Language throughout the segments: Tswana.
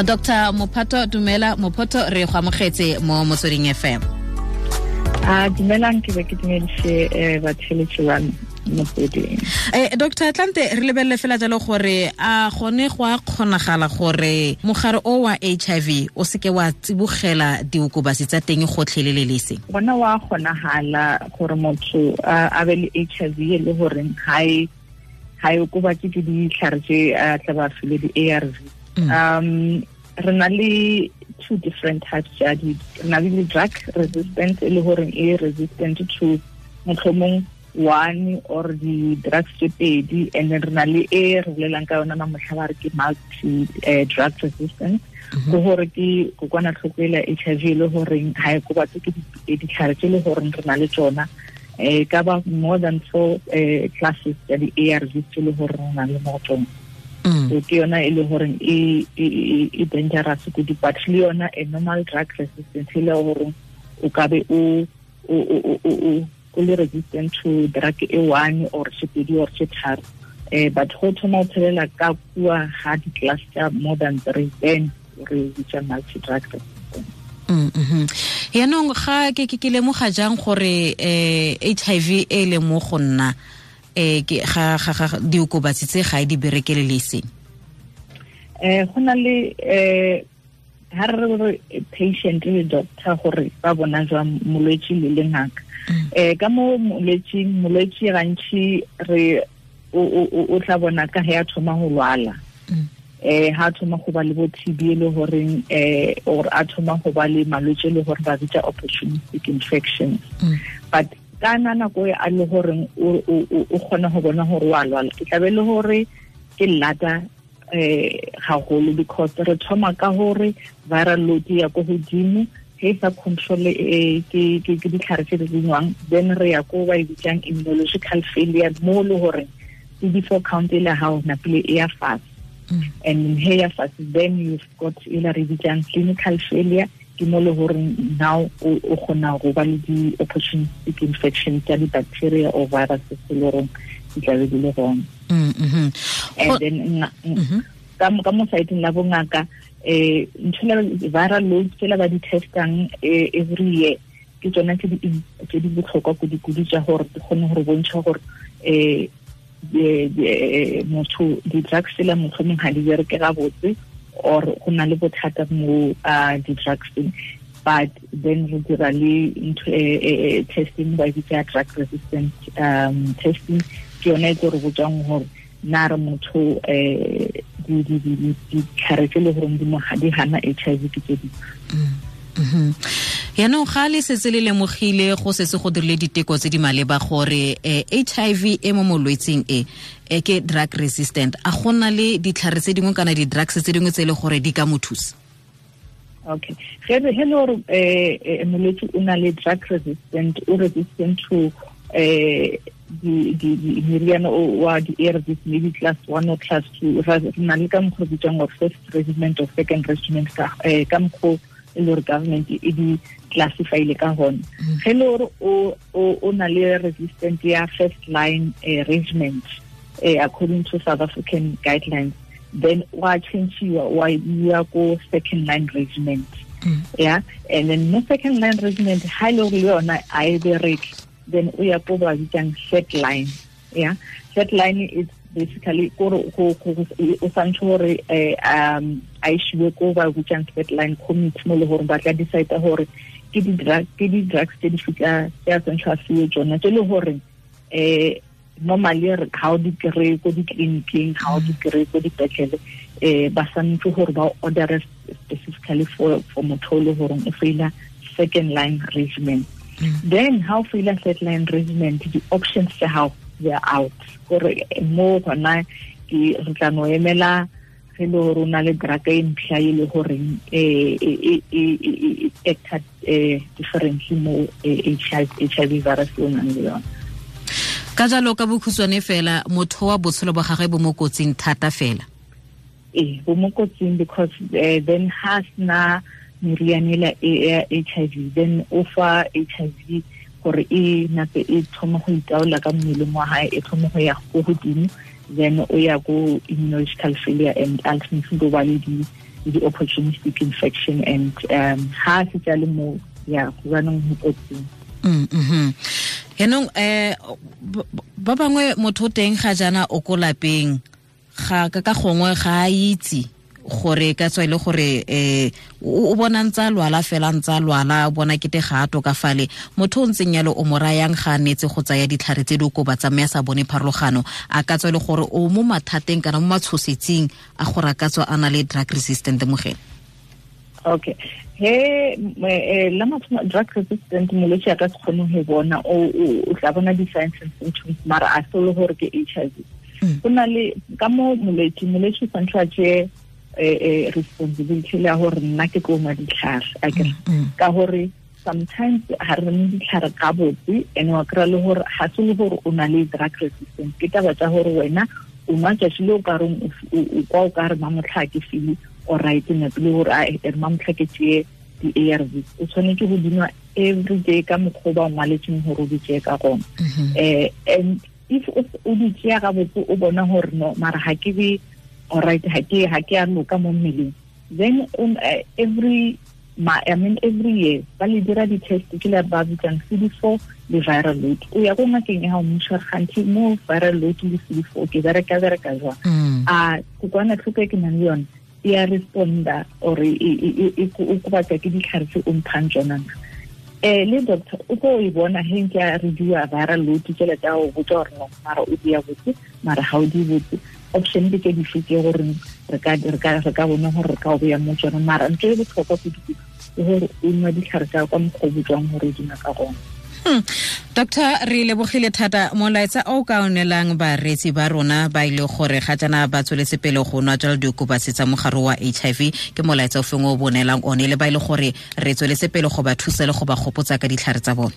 dr mophato dumela mophoto re go amogetse mo motsweding fm a dumelang ke be ke dumedise um eh, batheletše bana motsweding um doctor tlante re lebelele fela jalo gore a gone go a kgonagala gore mogare o wa h i v o seke wa tsibogela diokobasi tsa teng gotlhelelelese gona wa kgonagala gore motho a be le h i v e le goreng ga e, e okobatse ke ditlhare tse a tla ba file di a r v Mm. um re na le two different types ya di re na le drug resistant e le goreng e resistant to motlhomong one or di-drugs tse pedi and then re na le e re bolelang ka yona mamotlha ba re ke multi eh, drug resistant. go mm-hmm. gore ke kokwanatlhoko ele h i v e le goreng ga e ko batse ke ditlhare tse le re na le tsona um ka ba more than four eh, classes tsa di-a r v tse le gore re na le mo Mm. so ke yona e le gore e, e, e, e dangerous kudu but le yona a normal drug resistance e le gore o ka be o le resistant to drug e one or sepedi or se tharo um but go thoma o tshelela ka kua ga di-class tsa more than three then re bitsa multi drug resistance mm, mm-hmm. yaanong ga ke ke lemoga jang gore um h i v e le mo go nna eh ke ga ga ga di ga e di berekele le seng eh go na le um eh, ga re re patient le doctor gore ba bona jwa molwetsi le le ngaka um mm. eh, ka mo molwetsi molwetsi gantsi re o tla bona ka a thoma go lwala um ga a thoma go ba le bo t b e le horeng um eh, or a thoma go ba le malwetse le gore ba bitsa opportunistic infection mm. but kana na nako e a le gore o kgona go bona gore wa lwala ke tlabe le gore ke lata eh gagolo because re thoma ka gore viral load ya ko godimo e sa control ke ditlhare tse di dingwang then re ya ko ba e bitsang immunological failure mo le gore di 4 count e le gao napile e ya fast and in ya fast then you've got e la re bitsang clinical failure ke mo le gore now o gona go ba le di-opportunistic infection tsa di-bacteria or virus tse le goreng di tlabe di le gona and then ka mo mo saeteng la bongaka um nthona viral load tsela ba di-testang every year ke tsona ke di ke di botlhokwa go di kudisa gore ke gone gore bontsha gore um motho di-drugs tsela motlhomong ga di bereke ga botse or go nna le bothata mo uh, di-drugsing but then re dira le e, e, e, testing ba bitsa drug resistant um, testing ke yone e tse re botswang gore na re motho um ditlhare tse le goreng di gana h i v ke tse dingwe mm-hmm. mm-hmm. yaanong ga le setse le lemogile go setse go dirile diteko tse di maleba gore um h i v e mo molwetseng e e ke drug resistant a gona le ditlhare tse dingwe kana di-drugs tse dingwe tse e le gore di ka mo thusa okay ge re le gore um molwetse o na le drug resistant o resistant to um meriana wa di-arvs maybe class one or class two re na le ka mokgwa bitsang or first regiment or second regiment ka mokgwa e le gore government e di classifyile ka gone mm-hmm. ge le gore o na le resistant ya first line regiment uh, according to South African guidelines. Then you? Why wachinchiwa are go second line regiment. Mm. Yeah, and then no second line regiment high level yona ayibereki then uya ko ba bitsang set line. Yeah, set line is basically kore go go o santse gore eh, um a ishiwe set line committee mo le gore decide gore ke di drugs ke di drugs tse di fika ya santse a siwe tse le gore eh normally re ga o di kry ko ditleliniking ga o di kry ko dipetlele um ba santse gore ba ordere specifically for for motho le gore o faila second line regiment then ha o faila second line regiment di-options tsa gago they are out gore mo gona ke re tla no emela ge le gore o na le draka e ntlha e le goreng e acta differently mo h i v virus e o nang le yone ka jalo ka bokhutshwane fela motho wa botshelo ba gagwe bo mo kotsing thata fela ee bo mo kotsing because uh, then ha sna merianela e, ya h i v then o fa h i v gore e nape e thoma go itaola ka mmeleng wa gae e thoma go ya ko godimo then o ya ko immunological failure and ultimately go ba le di-opportunistic infection and um ha se tsa le mo ya go banong mo kotsing mm -hmm. yaanong um eh, ba bangwe motho o teng ga jaana o ko lapeng ga ka ka gongwe ga a itse gore ka tswa e le gore um o bona ntse a lwala fela ntse a lwala o bona kete ga a tokafale motho o ntseng yalo o mo rayang ga a netse go tsaya ditlhare tse di okoba tsamaye a sa bone pharologano a ka tswa e le gore o mo mathateng kana mo matshosetsing a gore a ka tswa a na le drug resistant mogele okay he eh, eh, la mathomo drug resistant molwetse a ka se kgone go bona o tla bona di science and symptoms mara a solo gore ke h i v go hmm. na le ka mo molwetse molwetse tshwanetse a tseye um eh, responsibility le ya gore nna ke tlo nwa ditlhare a kere hmm, hmm. ka gore sometimes ga re nne ditlhare ka botse and wa kry-a le gore ga se le gore o na le drug resistance ke taba tsa gore wena o nwa tsatsi le o kareng kwa o ka re mamotlha a ke file o right a le gore a mma motlhaketsee di arv r v o tshwanetse go dinwa every day ka mokgwa ba o maletseng gore o di ka gona um and if o di tseya ka botse o bona gore no mara ga ke be alright ga ke ga ke a loka mo mmeleng then um, uh, every ma, I mean every year ba le dira di-test ke le ba bitsang cd4 le viral load o ya ko ngakeng ya mmušware gantsi mo viral load le cd4 ke bereka bereka jwang a kokwanatlhoko e ke nang le yone ya responda or o kobatsa ke ditlhare tse o mphang tsona na um le doctor o tlo e bona he nke a reviewa viral loti tsela tsa o botsa gore no mara o dia botse mara ga o di botse option di ke di fike gore re ka bona gore re ka o beya mo tsona mara ntse e botlhokwa kudu ke gore o nwa ditlhare tsa kwa mokgobotswang gore di na ka gona Hmm. doctor re lebogile thata molaetsa o ka onelang bareetsi ba rona ba ile e gore ga jana ba tsweletse pele go nwa jalo diokobatsi tsa mogare wa h i v ke molaetsa o feng o bonelang one le ba ile e gore re tsweletse pele go ba thusa le go ba gopotsa ka ditlhare tsa bone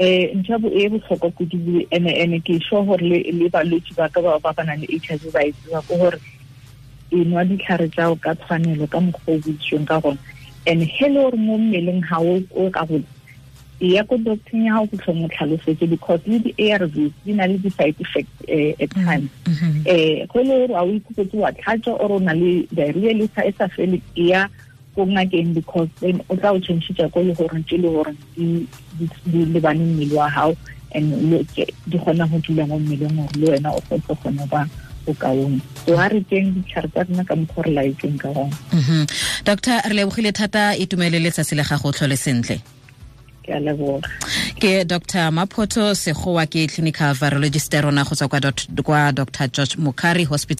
eh, um ntšha e botlhokwa kudu ene ene ke sure gore le balwetse ba ka ba ba nang le h i v ba itseba e ko gore e nwa ditlhare tsao ka tshwanelo ka mokgwa o boditsweng ka gona and he le gore mo mmeleng ga o ka go ya ko doctor ya go tlhomo tlhalosetse because le di-arv di na le di-side effect eh, at mm, times mm-hmm. eh go le re a o ikopetse wa tlhatso or o na le diarrhea le sa e sa fele e ya ko ngakeng because then o tla o changetsa ko le gore ke le gore di lebane mmele wa gago and di kgona go dula mo mmeleng gore le wena o fetse gona ba bokaong so ga re ditlhare tsa rona ka mokgwa re ka gona mm-hmm. doctor re lebogile thata e tumelele tsatsi le gago o tlhole sentle ke a leboga ke dr maphoto segowa ke clinical virologist rona go tswa kwa dr george mokari hospital